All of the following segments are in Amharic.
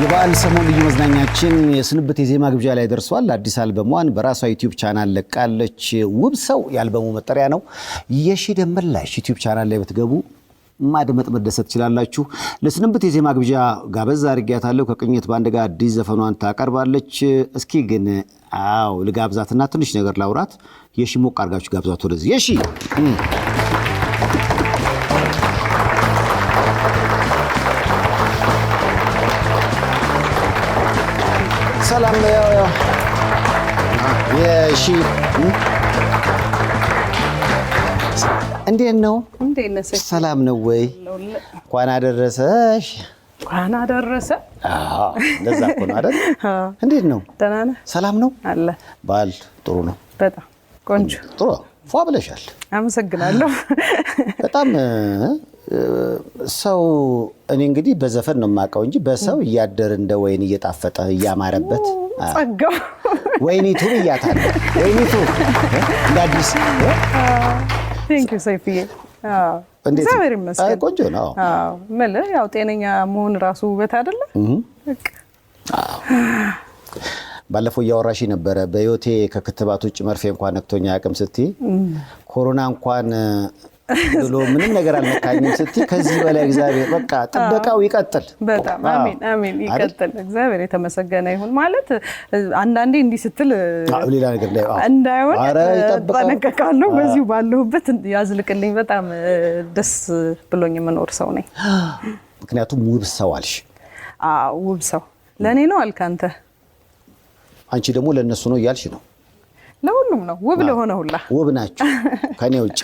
የበዓል ሰሞን ልዩ መዝናኛችን የስንብት የዜማ ግብዣ ላይ ደርሷል። አዲስ አልበሟን በራሷ ዩቲዩብ ቻናል ለቃለች። ውብ ሰው የአልበሙ መጠሪያ ነው። የሺ ደመላሽ ዩቲዩብ ቻናል ላይ ብትገቡ ማድመጥ መደሰት ትችላላችሁ። ለስንብት የዜማ ግብዣ ጋበዝ አድርጊያታለሁ። ከቅኝት በአንድ ጋር አዲስ ዘፈኗን ታቀርባለች። እስኪ ግን አዎ ልጋብዛትና ትንሽ ነገር ላውራት። የሺ ሞቅ አድርጋችሁ ጋብዛት ወደዚህ የሺ ሰላም የሺ እንዴት ነው? ሰላም ነው ወይ? እንኳን አደረሰሽ። እንኳን አደረሰ። እንደዛ እኮ ነው አይደል? እንዴት ነው? ደህና ነህ? ሰላም ነው አለ። በዓል ጥሩ ነው። በጣም ቆንጆ። ጥሩ ፏ ብለሻል። አመሰግናለሁ። በጣም ሰው እኔ እንግዲህ በዘፈን ነው የማውቀው እንጂ በሰው እያደር እንደ ወይን እየጣፈጠ እያማረበት ወይኒቱ እያታለ ወይኒቱ እግዚአብሔር ይመስገን ቆንጆ ነው። ያው ጤነኛ መሆን ራሱ ውበት አደለ ባለፈው እያወራሽ ነበረ። በህይወቴ ከክትባት ውጭ መርፌ እንኳን ነክቶኛ አቅም ስትይ ኮሮና እንኳን ብሎ ምንም ነገር አልነካኝም ስትይ ከዚህ በላይ እግዚአብሔር በቃ ጥበቃው ይቀጥል። በጣም አሜን አሜን፣ ይቀጥል። እግዚአብሔር የተመሰገነ ይሁን። ማለት አንዳንዴ እንዲህ ስትል ሌላ ነገር ላይ እንዳይሆን ጠነቀቃለሁ። በዚሁ ባለሁበት ያዝልቅልኝ። በጣም ደስ ብሎኝ የምኖር ሰው ነኝ። ምክንያቱም ውብ ሰው አልሽ። ውብ ሰው ለእኔ ነው አልክ አንተ። አንቺ ደግሞ ለእነሱ ነው እያልሽ ነው ለሁሉም ነው። ውብ ለሆነ ሁላ ውብ ናቸው ከኔ ውጭ።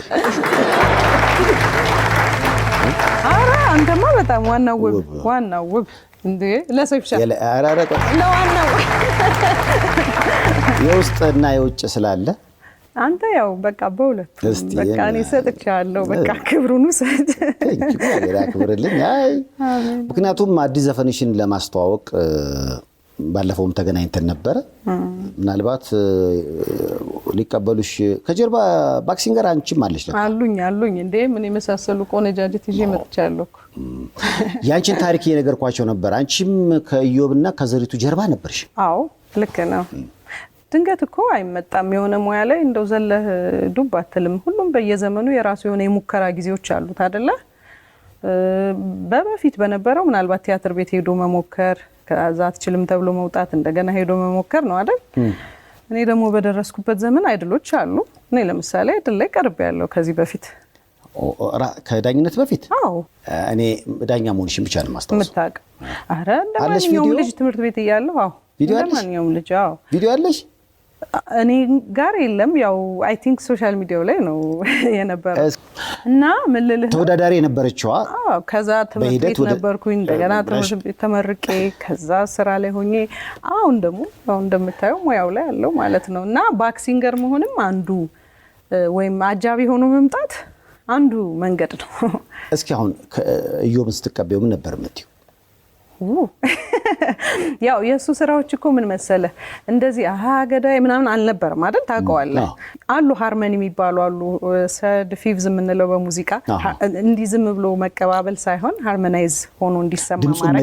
አረ አንተማ በጣም ዋና ውብ ዋና ውብ እንዴ ለሰው ይሻል። ለዋናው የውስጥ እና የውጭ ስላለ አንተ ያው በቃ በሁለቱ በቃ እኔ ሰጥቻለሁ። በቃ ክብሩን ውሰድ ክብርልኝ። አይ ምክንያቱም አዲስ ዘፈንሽን ለማስተዋወቅ ባለፈውም ተገናኝተን ነበረ። ምናልባት ሊቀበሉሽ ከጀርባ ጋር አንቺም አለች አሉኝ አሉኝ እንዴ ምን የመሳሰሉ ቆነጃጅት ይዤ መጥቻለሁ። የአንቺን ታሪክ እየነገርኳቸው ነበር። አንቺም ከኢዮብና ከዘሪቱ ጀርባ ነበርሽ። አዎ ልክ ነው። ድንገት እኮ አይመጣም። የሆነ ሙያ ላይ እንደው ዘለህ ዱብ አትልም። ሁሉም በየዘመኑ የራሱ የሆነ የሙከራ ጊዜዎች አሉት አደለ? በበፊት በነበረው ምናልባት ቲያትር ቤት ሄዶ መሞከር ከዛ አትችልም ተብሎ መውጣት እንደገና ሄዶ መሞከር ነው አይደል? እኔ ደግሞ በደረስኩበት ዘመን አይድሎች አሉ። እኔ ለምሳሌ አይድል ላይ ቀርብ ያለው ከዚህ በፊት ከዳኝነት በፊት እኔ ዳኛ መሆንሽን ብቻ ነው የማስታውሰው። የምታውቅ ኧረ እንደማንኛውም ልጅ ትምህርት ቤት እያለሁ አዎ፣ እንደማንኛውም ልጅ አዎ። ቪዲዮ አለሽ? እኔ ጋር የለም። ያው አይ ቲንክ ሶሻል ሚዲያው ላይ ነው የነበረው። እና ምልልህ ተወዳዳሪ የነበረችዋ ከዛ ትምህርት ቤት ነበርኩኝ። እንደገና ትምህርት ቤት ተመርቄ ከዛ ስራ ላይ ሆኜ አሁን ደግሞ እንደምታየው ሙያው ላይ አለው ማለት ነው። እና ባክሲንገር መሆንም አንዱ ወይም አጃቢ ሆኖ መምጣት አንዱ መንገድ ነው። እስኪ አሁን እዮብን ስትቀበዩ ምን ነበር የምትይው? ያው የእሱ ስራዎች እኮ ምን መሰለ እንደዚህ አሀ ምናምን አልነበረም አይደል? ታውቀዋለህ። አሉ ሃርመኒ የሚባሉ አሉ፣ ሰድ ፊቭዝ የምንለው በሙዚቃ እንዲህ ዝም ብሎ መቀባበል ሳይሆን ሃርመናይዝ ሆኖ እንዲሰማ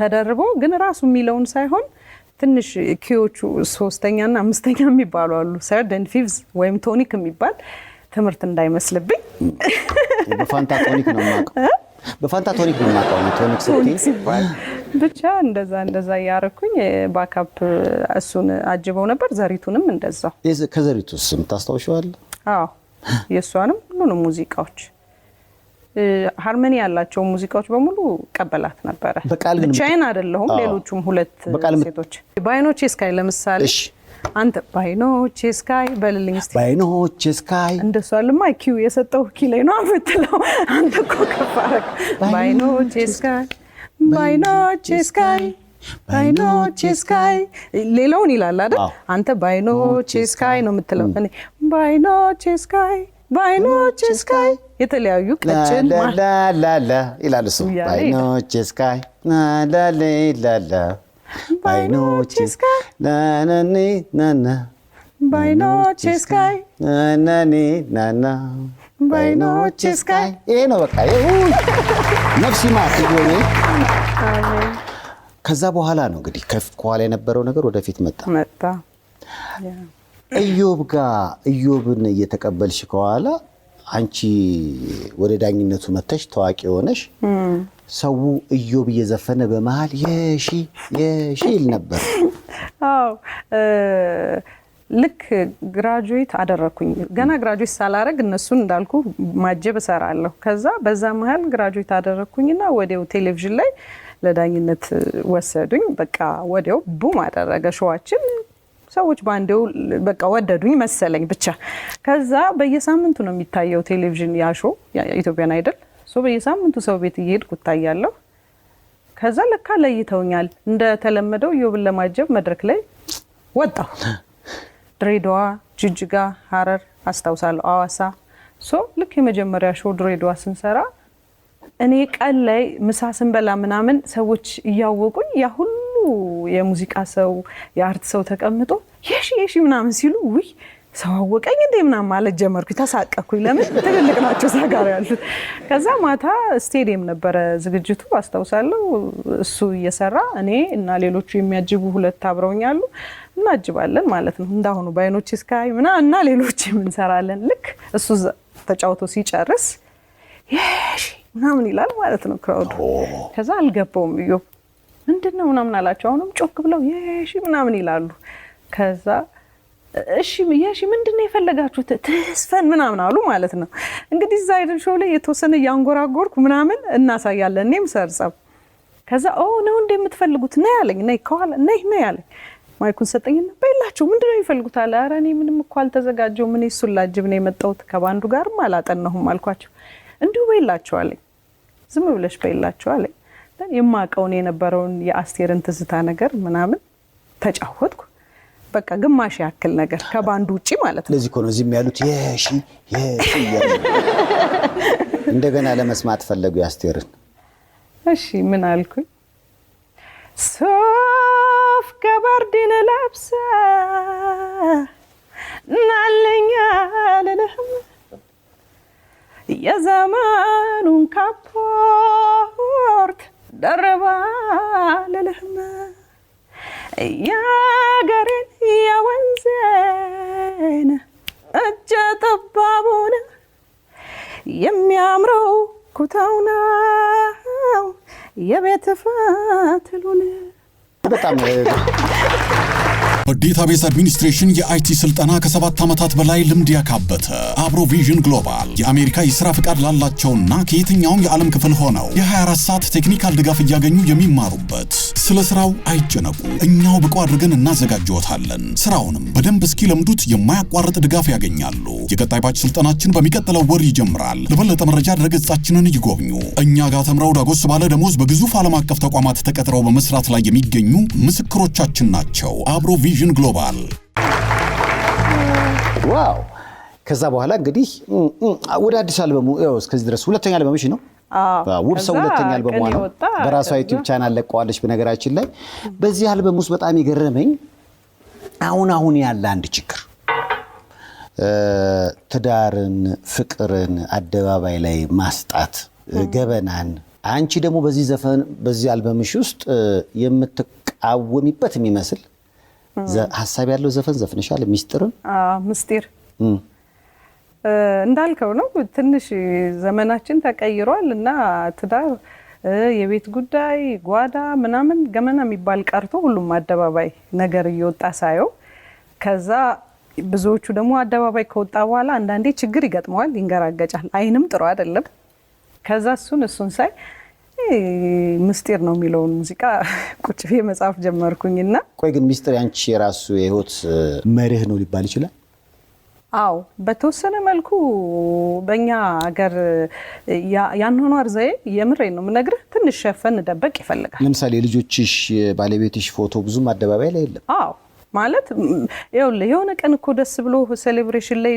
ተደርቦ ግን ራሱ የሚለውን ሳይሆን ትንሽ ኪዎቹ ሶስተኛና አምስተኛ የሚባሉ አሉ፣ ሰርድ ን ፊቭዝ ወይም ቶኒክ የሚባል ትምህርት እንዳይመስልብኝ በፋንታ ቶኒክ ነው የማውቀው በፋንታ ቶኒክ ነው የማውቀው። ቶኒክ ብቻ እንደዛ እንደዛ እያደረኩኝ ባካፕ እሱን አጅበው ነበር። ዘሪቱንም እንደዛው። ከዘሪቱ ስም የምታስታውሸዋል? አዎ የእሷንም ሁሉንም ሙዚቃዎች ሃርመኒ ያላቸው ሙዚቃዎች በሙሉ ቀበላት ነበረ። ብቻዬን አይደለሁም፣ ሌሎቹም ሁለት ሴቶች በአይኖቼ እስካይ ለምሳሌ አንተ ባይኖቼ ስካይ በልልኝ እስኪ ባይኖቼ ስካይ እንደሱ አለማ ኪው የሰጠው ኪ ላይ ነው የምትለው አንተ እኮ ከፋረክ። አደረግ። ባይኖቼ ስካይ ባይኖቼ ስካይ ባይኖቼ ስካይ ሌላውን ይላል አይደል? አንተ ባይኖቼ ስካይ ነው የምትለው። እኔ ባይኖቼ ስካይ ባይኖቼ ስካይ የተለያዩ ቀጭን ይላል እሱ ባይኖቼ ስካይ ላላ By sky. Na na ni na na. By sky. Na na ni na na. ይሄ ነው በቃ። ነፍስ ይማር ይሁን። ከዛ በኋላ ነው እንግዲህ ከኋላ የነበረው ነገር ወደፊት መጣ መጣ። ኢዮብ ጋር ኢዮብን እየተቀበልሽ ከኋላ አንቺ ወደ ዳኝነቱ መተሽ ታዋቂ ሆነሽ ሰው እዮብ እየዘፈነ በመሃል የሺ የሺ ይል ነበር። አዎ ልክ ግራጁዌት አደረግኩኝ። ገና ግራጁዌት ሳላረግ እነሱን እንዳልኩ ማጀብ እሰራለሁ። ከዛ በዛ መሀል ግራጁዌት አደረግኩኝና ወዲያው ቴሌቪዥን ላይ ለዳኝነት ወሰዱኝ። በቃ ወዲያው ቡም አደረገ ሸዋችን። ሰዎች በአንዴው በቃ ወደዱኝ መሰለኝ ብቻ። ከዛ በየሳምንቱ ነው የሚታየው ቴሌቪዥን ያሾ ኢትዮጵያን አይደል በየሳምንቱ ሰው ቤት እየሄድኩ እታያለሁ። ከዛ ለካ ለይተውኛል። እንደተለመደው ዮብን ለማጀብ መድረክ ላይ ወጣሁ። ድሬዳዋ፣ ጅጅጋ፣ ሀረር አስታውሳለሁ፣ አዋሳ። ልክ የመጀመሪያ ሾው ድሬዳዋ ስንሰራ እኔ ቀን ላይ ምሳ ስንበላ ምናምን ሰዎች እያወቁኝ ያ ሁሉ የሙዚቃ ሰው የአርት ሰው ተቀምጦ የሺ የሺ ምናምን ሲሉ ውይ ሰው አወቀኝ እንዴ ምናምን ማለት ጀመርኩ። ተሳቀኩኝ። ለምን ትልልቅ ናቸው እዛ ጋር ያሉት። ከዛ ማታ ስቴዲየም ነበረ ዝግጅቱ አስታውሳለሁ። እሱ እየሰራ እኔ እና ሌሎቹ የሚያጅቡ ሁለት አብረውኛሉ እናጅባለን ማለት ነው። እንዳሁኑ በአይኖች እስካይ ምና እና ሌሎች የምንሰራለን። ልክ እሱ ተጫውቶ ሲጨርስ ምናምን ይላል ማለት ነው ክራውድ። ከዛ አልገባውም እዮ ምንድን ነው ምናምን አላቸው። አሁንም ጮክ ብለው ምናምን ይላሉ። ከዛ እሺ ብዬ እሺ ምንድን ነው የፈለጋችሁት ተስፈን ምናምን አሉ ማለት ነው። እንግዲህ እዛ አይደል ሾው ላይ የተወሰነ እያንጎራጎርኩ ምናምን እናሳያለን። እኔም ሰርጸብ ከዛ ኦ ነው እንደ የምትፈልጉት ነ ያለኝ። ነይ ከኋላ ነይ ነ ያለኝ። ማይኩን ሰጠኝ። በላቸው ምንድን ነው አለ። ኧረ እኔ ምንም እኮ አልተዘጋጀው ምን እሱን ላጅብ ነው የመጣሁት ከባንዱ ጋርም አላጠነሁም አልኳቸው። እንዲሁ በላቸው አለኝ። ዝም ብለሽ በላቸው አለኝ። የማቀውን የነበረውን የአስቴርን ትዝታ ነገር ምናምን ተጫወትኩ። በቃ ግማሽ ያክል ነገር ከባንድ ውጭ ማለት ነው። ለዚህ እኮ ነው እዚህም ያሉት የሺ የሺ እንደገና ለመስማት ፈለጉ ያስቴርን። እሺ ምን አልኩኝ? ሶፍ ገባርዲን ለብሰ እናለኛ ልልህም የዘመኑን ካፖርት ደርባ ልልህም ያገሬ ሴነ እጀ ጠባቡን የሚያምረው ኩታው ነው የቤት ፈትሉን በጣም በዴታቤዝ አድሚኒስትሬሽን የአይቲ ስልጠና ከሰባት ዓመታት በላይ ልምድ ያካበተ አብሮቪዥን ግሎባል የአሜሪካ የሥራ ፍቃድ ላላቸውና ከየትኛውም የዓለም ክፍል ሆነው የ24 ሰዓት ቴክኒካል ድጋፍ እያገኙ የሚማሩበት። ስለ ሥራው አይጨነቁ፣ እኛው ብቁ አድርገን እናዘጋጅዎታለን። ሥራውንም በደንብ እስኪ ለምዱት የማያቋርጥ ድጋፍ ያገኛሉ። የቀጣይ ባች ስልጠናችን በሚቀጥለው ወር ይጀምራል። ለበለጠ መረጃ ድረገጻችንን ይጎብኙ። እኛ ጋር ተምረው ዳጎስ ባለ ደሞዝ በግዙፍ ዓለም አቀፍ ተቋማት ተቀጥረው በመስራት ላይ የሚገኙ ምስክሮቻችን ናቸው። አብሮቪዥን ቪዥን ግሎባል። ዋው! ከዛ በኋላ እንግዲህ ወደ አዲስ አልበሙ እስከዚህ ድረስ ሁለተኛ አልበምሽ ነው ውብ ሰው ሁለተኛ አልበሟ ነው። በራሷ ዩቲዩብ ቻናል ለቀዋለች። በነገራችን ላይ በዚህ አልበም ውስጥ በጣም የገረመኝ አሁን አሁን ያለ አንድ ችግር ትዳርን፣ ፍቅርን አደባባይ ላይ ማስጣት ገበናን። አንቺ ደግሞ በዚህ ዘፈን በዚህ አልበምሽ ውስጥ የምትቃወሚበት የሚመስል ሀሳብ ያለው ዘፈን ዘፍንሻል። ሚስጥርን ምስጢር እንዳልከው ነው። ትንሽ ዘመናችን ተቀይሯል እና ትዳር፣ የቤት ጉዳይ፣ ጓዳ ምናምን ገመና የሚባል ቀርቶ ሁሉም አደባባይ ነገር እየወጣ ሳየው ከዛ ብዙዎቹ ደግሞ አደባባይ ከወጣ በኋላ አንዳንዴ ችግር ይገጥመዋል፣ ይንገራገጫል፣ አይንም ጥሩ አይደለም። ከዛ እሱን እሱን ሳይ ምስጢር ነው የሚለውን ሙዚቃ ቁጭ ብዬ መጽሐፍ ጀመርኩኝ እና ቆይ ግን ምስጢር ያንቺ የራሱ የህይወት መርህ ነው ሊባል ይችላል? አዎ በተወሰነ መልኩ በእኛ ሀገር ያኗኗር ዘዬ የምሬ ነው የምነግርህ፣ ትንሽ ሸፈን ደበቅ ይፈልጋል። ለምሳሌ የልጆችሽ ባለቤትሽ ፎቶ ብዙም አደባባይ ላይ የለም። አዎ ማለት ይኸውልህ የሆነ ቀን እኮ ደስ ብሎ ሴሌብሬሽን ላይ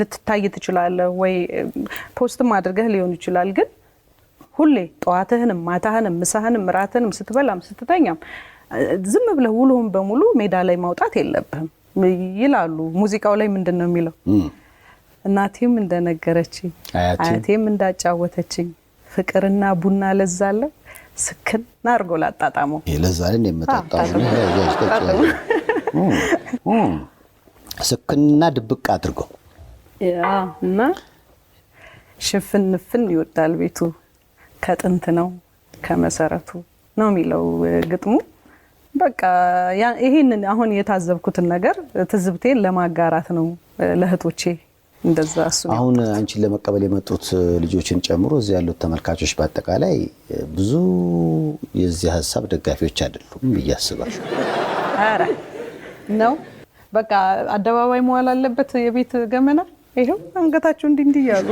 ልትታይ ትችላለህ ወይ ፖስትም አድርገህ ሊሆን ይችላል ግን ሁሌ ጠዋትህንም ማታህንም ምሳህንም እራትህንም ስትበላም ስትተኛም ዝም ብለህ ውሎህን በሙሉ ሜዳ ላይ ማውጣት የለብህም ይላሉ። ሙዚቃው ላይ ምንድን ነው የሚለው? እናቴም እንደነገረችኝ አያቴም እንዳጫወተችኝ ፍቅርና ቡና ለዛለ ስክን ናርጎ ላጣጣመው ለዛለን የምጠጣው ስክንና ድብቅ አድርጎ እና ሽፍንፍን ይወዳል ቤቱ ከጥንት ነው ከመሰረቱ ነው የሚለው ግጥሙ። በቃ ይህንን አሁን የታዘብኩትን ነገር ትዝብቴን ለማጋራት ነው ለእህቶቼ እንደዛ እሱ አሁን አንቺን ለመቀበል የመጡት ልጆችን ጨምሮ እዚህ ያሉት ተመልካቾች በአጠቃላይ ብዙ የዚህ ሀሳብ ደጋፊዎች አይደሉም ብዬ አስባለሁ። ኧረ ነው በቃ አደባባይ መዋል አለበት የቤት ገመና። ይኸው አንገታቸው እንዲህ እንዲህ ያሉ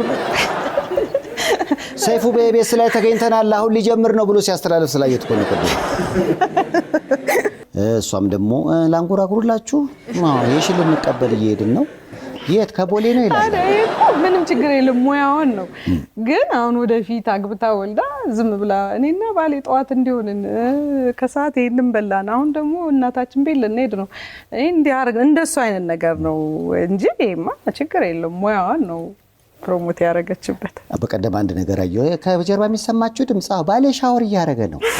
ሰይፉ በኢቢኤስ ላይ ተገኝተናል አሁን ሊጀምር ነው ብሎ ሲያስተላለፍ ስላየት እኮ ነው። እሷም ደግሞ ላንጎራጉሩላችሁ ይሽ ልንቀበል እየሄድን ነው። የት ከቦሌ ነው ይላል። ምንም ችግር የለም ሙያዋን ነው። ግን አሁን ወደፊት አግብታ ወልዳ ዝም ብላ እኔና ባሌ ጠዋት እንዲሆንን ከሰዓት ይህንም በላን፣ አሁን ደግሞ እናታችን ቤት ልንሄድ ነው እንዲህ እንደሱ አይነት ነገር ነው እንጂ ይሄማ ችግር የለም ሙያዋን ነው። ፕሮሞት ያደረገችበት በቀደም አንድ ነገር አየሁ። ከጀርባ የሚሰማችሁ ድምፅ ባሌ ሻወር እያደረገ ነው።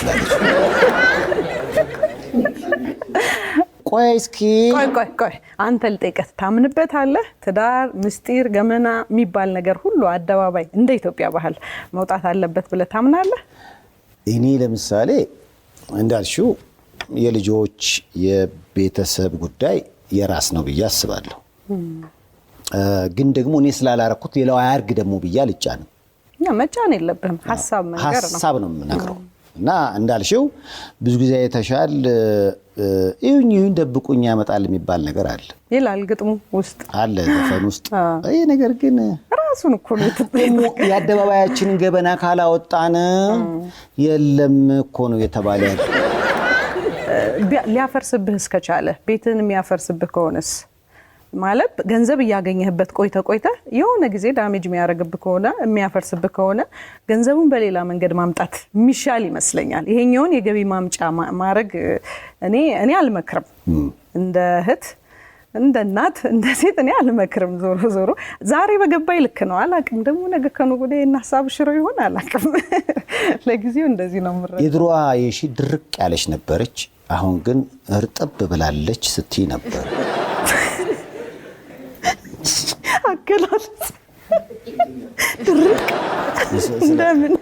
ቆይ እስኪ ቆይ ቆይ ቆይ፣ አንተ ልጠይቀት። ታምንበታለህ? ትዳር ምስጢር፣ ገመና የሚባል ነገር ሁሉ አደባባይ እንደ ኢትዮጵያ ባህል መውጣት አለበት ብለህ ታምናለህ? እኔ ለምሳሌ እንዳልሽው የልጆች የቤተሰብ ጉዳይ የራስ ነው ብዬ አስባለሁ። ግን ደግሞ እኔ ስላላረኩት ሌላው አያርግ ደግሞ ብዬ አልጫንም። መጫን የለብህም ሀሳብ መንገር ነው ሀሳብ ነው የምነግረው። እና እንዳልሽው ብዙ ጊዜ የተሻል ይሁኝ ይሁን ደብቁኝ ያመጣል የሚባል ነገር አለ ይላል ግጥሙ ውስጥ አለ ዘፈን ውስጥ ይህ ነገር ግን ራሱን እኮ የአደባባያችንን ገበና ካላወጣን የለም እኮ ነው የተባለ ሊያፈርስብህ እስከቻለ ቤትን የሚያፈርስብህ ከሆነስ ማለት ገንዘብ እያገኘህበት ቆይተ ቆይተ የሆነ ጊዜ ዳሜጅ የሚያደርግብህ ከሆነ የሚያፈርስብህ ከሆነ ገንዘቡን በሌላ መንገድ ማምጣት የሚሻል ይመስለኛል። ይሄኛውን የገቢ ማምጫ ማድረግ እኔ እኔ አልመክርም እንደ እህት እንደ እናት እንደ ሴት እኔ አልመክርም። ዞሮ ዞሮ ዛሬ በገባ ልክ ነው። አላቅም ደግሞ ነገ ከነገ ወዲያ እና ሀሳብ ሽሮ ይሆን አላቅም። ለጊዜው እንደዚህ ነው። ምረ የድሮዋ የሺ ድርቅ ያለች ነበረች። አሁን ግን እርጥብ ብላለች ስትይ ነበር። አገላለጽ ድርቅ እንደምን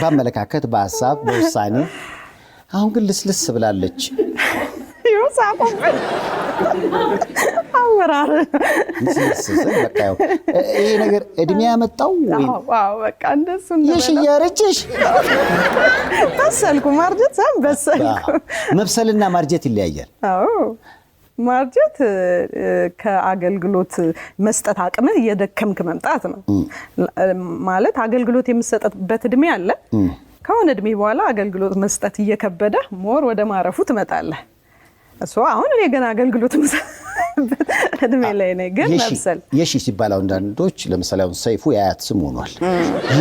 በአመለካከት በሀሳብ በውሳኔ አሁን ግን ልስልስ ብላለች። አወራር ይሄ ነገር እድሜ ያመጣው የሽያረችሽ በሰልኩ ማርጀት በሰልኩ መብሰልና ማርጀት ይለያያል። ማርጀት ከአገልግሎት መስጠት አቅም እየደከምክ መምጣት ነው ማለት። አገልግሎት የምሰጠበት እድሜ አለ። ከሆነ እድሜ በኋላ አገልግሎት መስጠት እየከበደ ሞር ወደ ማረፉ ትመጣለህ። እሱ አሁን እኔ ገና አገልግሎት እድሜ ላይ ነኝ። ግን መብሰል የሺ ሲባል አንዳንዶች ለምሳሌ አሁን ሰይፉ የአያት ስም ሆኗል።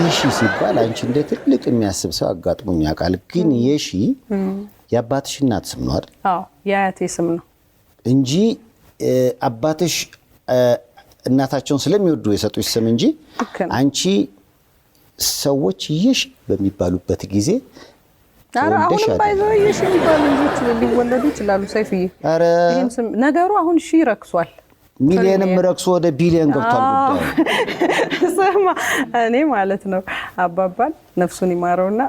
የሺ ሲባል አንቺ እንደ ትልቅ የሚያስብ ሰው አጋጥሞኝ ያውቃል። ግን የሺ የአባትሽ እናት ስም ነው አይደል? የአያቴ ስም ነው እንጂ አባትሽ እናታቸውን ስለሚወዱ የሰጡሽ ስም እንጂ አንቺ ሰዎች ይሽ በሚባሉበት ጊዜ አሁንም የሚባሉ ልጆች ሊወለዱ ይችላሉ። ሰይፍዬ ነገሩ አሁን ሺ ረክሷል። ሚሊየንም ረክሶ ወደ ቢሊየን ገብቷል። ስማ እኔ ማለት ነው አባባል ነፍሱን ይማረውና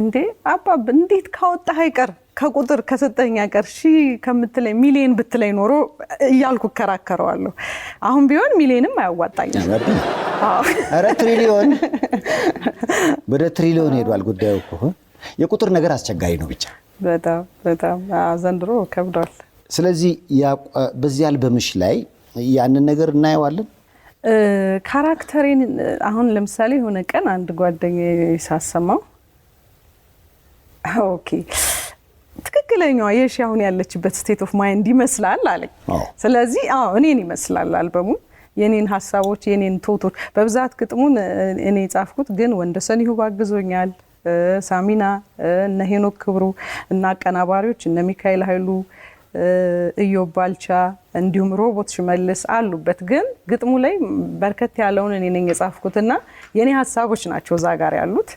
እንዴ አባብ እንዴት ካወጣ አይቀር ከቁጥር ከሰጠኝ አይቀር ሺ ከምትለኝ ሚሊየን ብትለኝ ኖሮ እያልኩ እከራከረዋለሁ። አሁን ቢሆን ሚሊየንም አያዋጣኝም ኧረ ትሪሊዮን ወደ ትሪሊዮን ሄዷል ጉዳዩ እኮ። የቁጥር ነገር አስቸጋሪ ነው ብቻ በጣም በጣም ዘንድሮ ከብዷል። ስለዚህ በዚህ አልበምሽ ላይ ያንን ነገር እናየዋለን። ካራክተሬን አሁን ለምሳሌ የሆነ ቀን አንድ ጓደኛ ሳሰማው ኦኬ ትክክለኛዋ የሺ አሁን ያለችበት ስቴት ኦፍ ማይንድ ይመስላል አለኝ። ስለዚህ እኔን ይመስላል አልበሙ የኔን ሀሳቦች የኔን ቶቶች በብዛት ግጥሙን እኔ የጻፍኩት ግን ወንደሰን ይሁብ አግዞኛል። ሳሚና እነ ሄኖክ ክብሩ እና አቀናባሪዎች እነ ሚካኤል ኃይሉ፣ እዮብ ባልቻ እንዲሁም ሮቦት ሽመልስ አሉበት። ግን ግጥሙ ላይ በርከት ያለውን እኔ ነኝ የጻፍኩትና የኔ ሀሳቦች ናቸው እዛ ጋር ያሉት።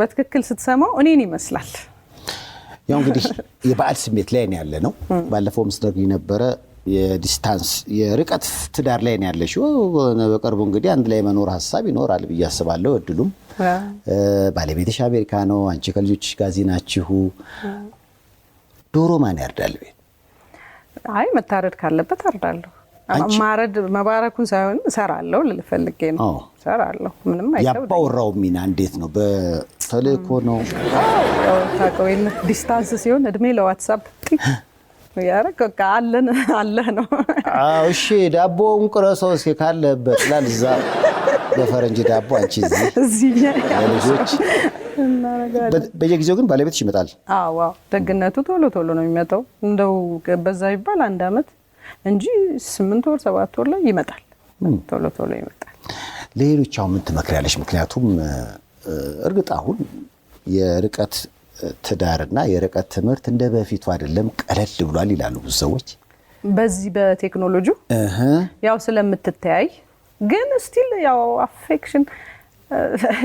በትክክል ስትሰማው እኔን ይመስላል። ያው እንግዲህ የበዓል ስሜት ላይ ያለ ነው። ባለፈው ምስደግ ነበረ የዲስታንስ የርቀት ትዳር ላይ ያለ ያለሽው። በቅርቡ እንግዲህ አንድ ላይ መኖር ሀሳብ ይኖራል ብዬ አስባለሁ። እድሉም ባለቤትሽ አሜሪካ ነው፣ አንቺ ከልጆች ጋዚ ናችሁ። ዶሮ ማን ያርዳል? ቤት አይ መታረድ ካለበት አርዳለሁ ማረድ መባረኩን ሳይሆን እሰራለሁ ልልፈልጌ ነው እሰራለሁ። ምንም ያባወራው ሚና እንዴት ነው? በተልእኮ ነው ታቀወይነ ዲስታንስ ሲሆን እድሜ ለዋትሳፕ ያረግ አለን አለ ነው። እሺ ዳቦ ቁረሰው እስኪ ካለበት ላል እዛ በፈረንጅ ዳቦ አንቺ እዚህ ልጆች በየጊዜው ግን ባለቤት ይመጣል። ደግነቱ ቶሎ ቶሎ ነው የሚመጣው። እንደው በዛ ይባል አንድ አመት እንጂ ስምንት ወር ሰባት ወር ላይ ይመጣል፣ ቶሎ ቶሎ ይመጣል። ለሌሎች አሁን ምን ትመክሪያለሽ? ምክንያቱም እርግጥ አሁን የርቀት ትዳርና የርቀት ትምህርት እንደ በፊቱ አይደለም፣ ቀለል ብሏል ይላሉ ብዙ ሰዎች በዚህ በቴክኖሎጂ ያው ስለምትተያይ ግን ስቲል ያው አፌክሽን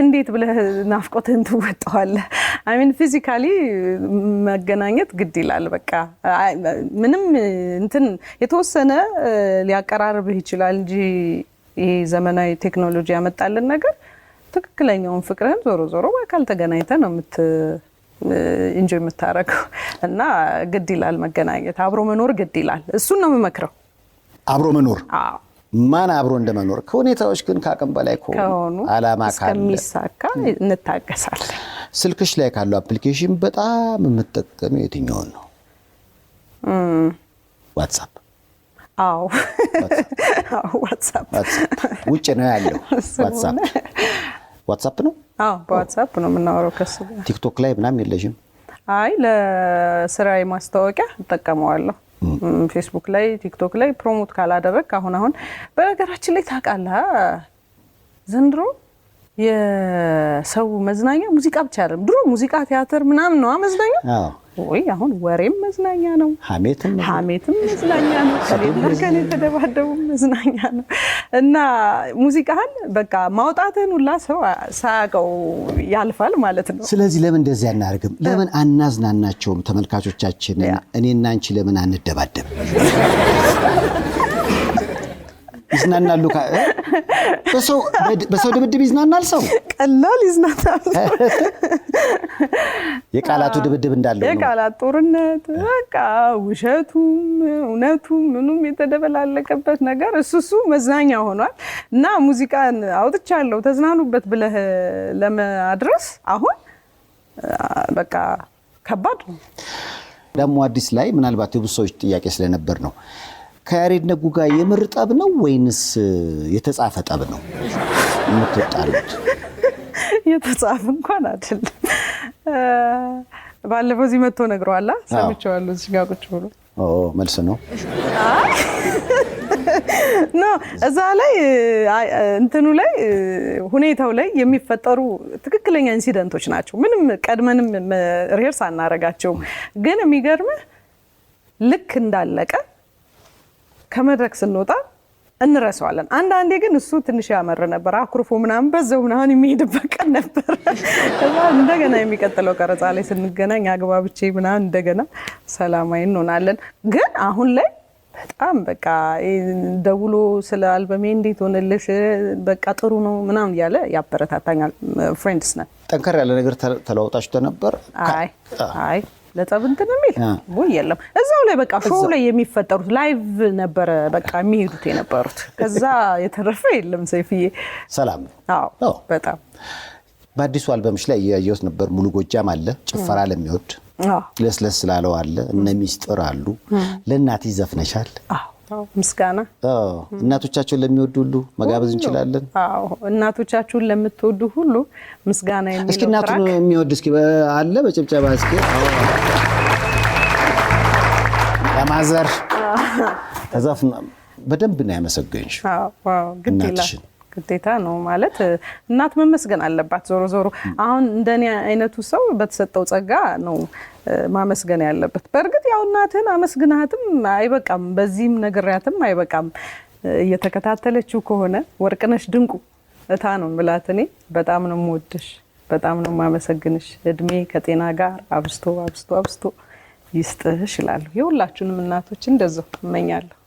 እንዴት ብለህ ናፍቆትህን ትወጣዋለህ? አይሚን ፊዚካሊ መገናኘት ግድ ይላል። በቃ ምንም እንትን የተወሰነ ሊያቀራርብህ ይችላል እንጂ ይህ ዘመናዊ ቴክኖሎጂ ያመጣልን ነገር ትክክለኛውን ፍቅርህን ዞሮ ዞሮ በአካል ተገናኝተ ነው የምት እንጆ የምታረገው እና ግድ ይላል መገናኘት፣ አብሮ መኖር ግድ ይላል። እሱን ነው የምመክረው፣ አብሮ መኖር ማን አብሮ እንደመኖር ከሁኔታዎች ግን ከአቅም በላይ ከሆኑ አላማ እስከሚሳካ እንታገሳለን። ስልክሽ ላይ ካለው አፕሊኬሽን በጣም የምትጠቀሚው የትኛውን ነው? ዋትሳፕ? አዎ ዋትሳፕ ውጭ ነው ያለው። ዋትሳፕ ዋትሳፕ ነው። አዎ በዋትሳፕ ነው የምናወራው ከሱ። ቲክቶክ ላይ ምናምን የለሽም? አይ ለስራ ማስታወቂያ እጠቀመዋለሁ ፌስቡክ ላይ ቲክቶክ ላይ ፕሮሞት ካላደረግ አሁን አሁን በነገራችን ላይ ታውቃለህ ዘንድሮ የሰው መዝናኛ ሙዚቃ ብቻ አይደለም። ድሮ ሙዚቃ፣ ቲያትር ምናምን ነዋ መዝናኛ ወይ አሁን ወሬም መዝናኛ ነው፣ ሀሜትም መዝናኛ ነው፣ ከሌለ የተደባደቡ መዝናኛ ነው እና ሙዚቃህን በቃ ማውጣትህን ሁላ ሰው ሳያውቀው ያልፋል ማለት ነው። ስለዚህ ለምን እንደዚህ አናደርግም? ለምን አናዝናናቸውም? ተመልካቾቻችንን እኔና አንቺ ለምን አንደባደብ? ይዝናናሉ። በሰው ድብድብ ይዝናናል። ሰው ቀላል ይዝናናል። የቃላቱ ድብድብ እንዳለው የቃላት ጦርነት በቃ ውሸቱም እውነቱም ምኑም የተደበላለቀበት ነገር እሱ እሱ መዝናኛ ሆኗል እና ሙዚቃን አውጥቻለሁ ተዝናኑበት ብለህ ለማድረስ አሁን በቃ ከባድ ነው። ደግሞ አዲስ ላይ ምናልባት የብዙ ሰዎች ጥያቄ ስለነበር ነው ከያሬድ ነጉ ጋር የምር ጠብ ነው ወይንስ የተጻፈ ጠብ ነው የምትወጣሉት? የተጻፈ እንኳን አይደለም። ባለፈው እዚህ መጥቶ ነግረዋላ። ሰምቼዋለሁ። እዚህ ጋር ቁጭ ብሎ መልስ ነው ኖ እዛ ላይ እንትኑ ላይ ሁኔታው ላይ የሚፈጠሩ ትክክለኛ ኢንሲደንቶች ናቸው። ምንም ቀድመንም ሪሄርስ አናረጋቸውም። ግን የሚገርምህ ልክ እንዳለቀ ከመድረክ ስንወጣ እንረሰዋለን አንዳንዴ ግን እሱ ትንሽ ያመር ነበር፣ አኩርፎ ምናምን በዛው ምናምን የሚሄድበት ቀን ነበር። ከዛ እንደገና የሚቀጥለው ቀረጻ ላይ ስንገናኝ አግባብቼ ምናምን እንደገና ሰላማዊ እንሆናለን። ግን አሁን ላይ በጣም በቃ ደውሎ ስለ አልበሜ እንዴት ሆነልሽ፣ በቃ ጥሩ ነው ምናምን እያለ ያበረታታኛል። ፍሬንድስ ነን። ጠንከር ያለ ነገር ተለውጣችሁ ነበር? አይ አይ ለጸብ እንትን የሚል ወይ የለም። እዛው ላይ በቃ ሾው ላይ የሚፈጠሩት ላይቭ ነበረ በቃ የሚሄዱት የነበሩት ከዛ የተረፈ የለም። ሰይፍዬ ሰላም ነው በጣም በአዲሱ አልበምሽ ላይ እያየሁት ነበር። ሙሉ ጎጃም አለ፣ ጭፈራ ለሚወድ ለስለስ ስላለው አለ፣ እነ ሚስጥር አሉ፣ ለእናትሽ ዘፍነሻል ምስጋና እናቶቻቸውን ለሚወዱ ሁሉ መጋበዝ እንችላለን። እናቶቻችሁን ለምትወዱ ሁሉ ምስጋና የሚለው እስኪ እናቱን የሚወድ እስኪ አለ በጭብጨባ እስኪ ለማዘር ከዛ በደንብ ነው ያመሰገንሽ እናትሽን ግዴታ ነው ማለት እናት መመስገን አለባት። ዞሮ ዞሮ አሁን እንደኔ አይነቱ ሰው በተሰጠው ጸጋ ነው ማመስገን ያለበት። በእርግጥ ያው እናትህን አመስግናትም አይበቃም፣ በዚህም ነግሪያትም አይበቃም። እየተከታተለችው ከሆነ ወርቅነሽ ድንቁ እታ ነው ምላት። እኔ በጣም ነው የምወድሽ፣ በጣም ነው የማመሰግንሽ። እድሜ ከጤና ጋር አብስቶ አብስቶ አብስቶ ይስጥህ እላለሁ። የሁላችሁንም እናቶች እንደዛው እመኛለሁ።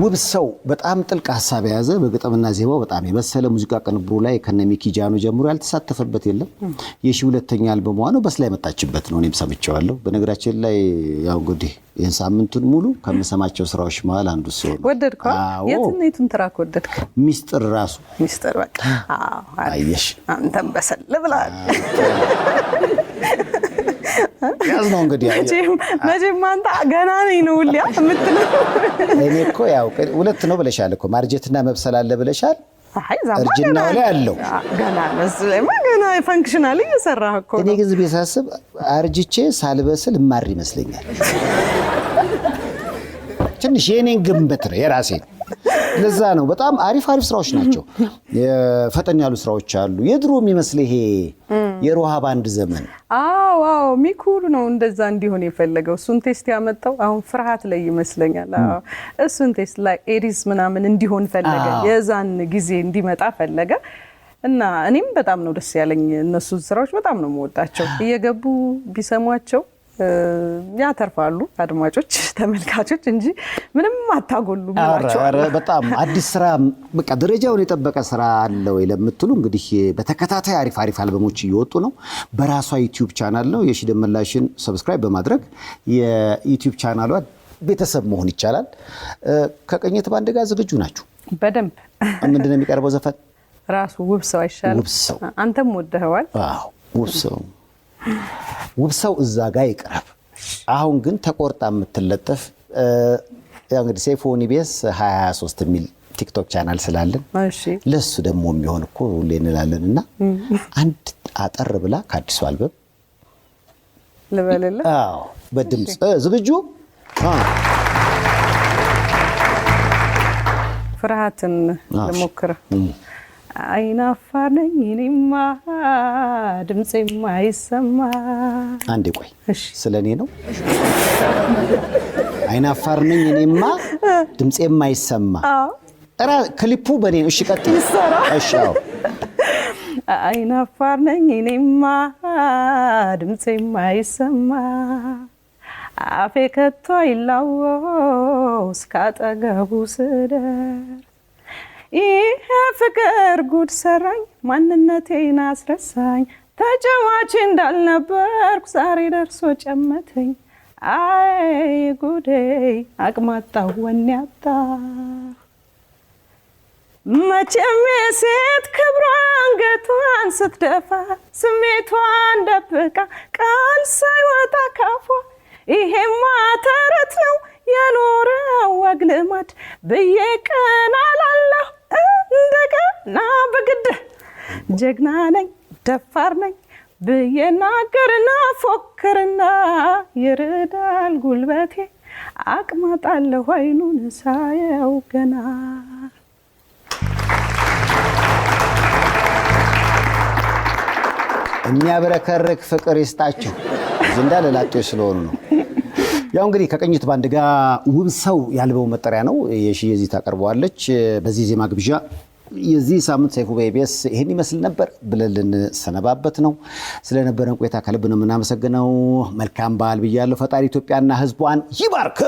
ውብ ሰው በጣም ጥልቅ ሀሳብ የያዘ በግጥምና ዜማው በጣም የበሰለ ሙዚቃ ቅንብሩ ላይ ከነ ሚኪጃኑ ጀምሮ ያልተሳተፈበት የለም። የሺ ሁለተኛ አልበሟ ነው በስላ የመጣችበት ነው። እኔም ሰምቼዋለሁ። በነገራችን ላይ ያው እንግዲህ ይህን ሳምንቱን ሙሉ ከምሰማቸው ስራዎች መሀል አንዱ ሲሆን ወደድኳ። የትኛቱን ትራክ ወደድክ? ሚስጥር ራሱ ሚስጥር በቃ አየሽ አንተን በሰል ብለዋል። ያዝ ነው እንግዲህ መቼም አንተ ገና ነኝ ነው ሁሊያ የምትለው። እኔ እኮ ያው ሁለት ነው ብለሻል እኮ ማርጀትና መብሰል አለ ብለሻል። እርጅናው ላይ አለው ገና ገና ፈንክሽናል እየሰራ እኮ እኔ ግን ዝም ሳስብ አርጅቼ ሳልበስል እማር ይመስለኛል። ትንሽ የእኔን ግምት ነው የራሴ ለዛ ነው በጣም አሪፍ አሪፍ ስራዎች ናቸው። ፈጠን ያሉ ስራዎች አሉ። የድሮ የሚመስል ይሄ የሮሃ ባንድ ዘመን። አዎ ሚኩል ነው እንደዛ እንዲሆን የፈለገው እሱን ቴስት ያመጣው አሁን ፍርሃት ላይ ይመስለኛል። እሱን ቴስት ላይ ኤሪስ ምናምን እንዲሆን ፈለገ፣ የዛን ጊዜ እንዲመጣ ፈለገ። እና እኔም በጣም ነው ደስ ያለኝ። እነሱ ስራዎች በጣም ነው መወጣቸው፣ እየገቡ ቢሰሟቸው ያተርፋሉ አድማጮች፣ ተመልካቾች እንጂ ምንም አታጎሉ። በጣም አዲስ ስራ በቃ ደረጃውን የጠበቀ ስራ አለ ወይ ለምትሉ እንግዲህ በተከታታይ አሪፍ አሪፍ አልበሞች እየወጡ ነው። በራሷ ዩቲዩብ ቻናል ነው። የሺ ደመላሽን ሰብስክራይብ በማድረግ የዩቲዩብ ቻናሏ ቤተሰብ መሆን ይቻላል። ከቅኝት ባንድ ጋር ዝግጁ ናችሁ? በደንብ ምንድን ነው የሚቀርበው ዘፈን ራሱ ውብ ሰው አይሻልም? ውብ ሰው አንተም ወደኸዋል። ውብ ሰው ውብ ሰው እዛ ጋር ይቅረብ። አሁን ግን ተቆርጣ የምትለጠፍ እንግዲህ ሴፎኒ ቤስ 23 የሚል ቲክቶክ ቻናል ስላለን ለሱ ደግሞ የሚሆን እኮ ሁሌ እንላለን እና አንድ አጠር ብላ ከአዲሱ አልበም ልበልላ በድምፅ ዝግጁ ፍርሃትን ልሞክረ አይናፋር ነኝ እኔማ ድምፄማ አይሰማ። አንዴ ቆይ፣ ስለ እኔ ነው? አይናፋር ነኝ እኔማ ድምፄማ አይሰማ። ክሊፑ በእኔ ነው። እሺ ቀጥል። እሺ አዎ አይናፋር ነኝ እኔማ አፌ ከቶ አይላወስ ካጠገቡ ስደር ይሄ ፍቅር ጉድ ሰራኝ፣ ማንነቴን አስረሳኝ። ተጫዋች እንዳልነበርኩ ዛሬ ደርሶ ጨመተኝ። አይ ጉዴ አቅማጣ ወኔያጣ መቼም የሴት ክብሯ አንገቷን ስትደፋ ስሜቷን ደብቃ ቃል ሳይወጣ ካፏ ይሄማ ተረት ነው የኖረው ወግ ልማድ ብዬ ቀን አላለሁ እንደገና በግድ ጀግና ነኝ ደፋር ነኝ ብየናገርና ፎክርና ይርዳል ጉልበቴ አቅማጣለሁ አይኑን ሳየው ገና የሚያብረከርክ ፍቅር ይስጣችሁ። ዝንዳ ለላጤ ስለሆኑ ነው። ያው እንግዲህ ከቅኝት ባንድ ጋር ውብ ሰው ያልበው መጠሪያ ነው። የሺ የዚህ ታቀርበዋለች። በዚህ ዜማ ግብዣ የዚህ ሳምንት ሰይፉ በኢቢኤስ ይህን ይመስል ነበር ብለን ልንሰነባበት ነው። ስለነበረን ቆይታ ከልብ ነው የምናመሰግነው። መልካም በዓል ብያለሁ። ፈጣሪ ኢትዮጵያና ሕዝቧን ይባርክ።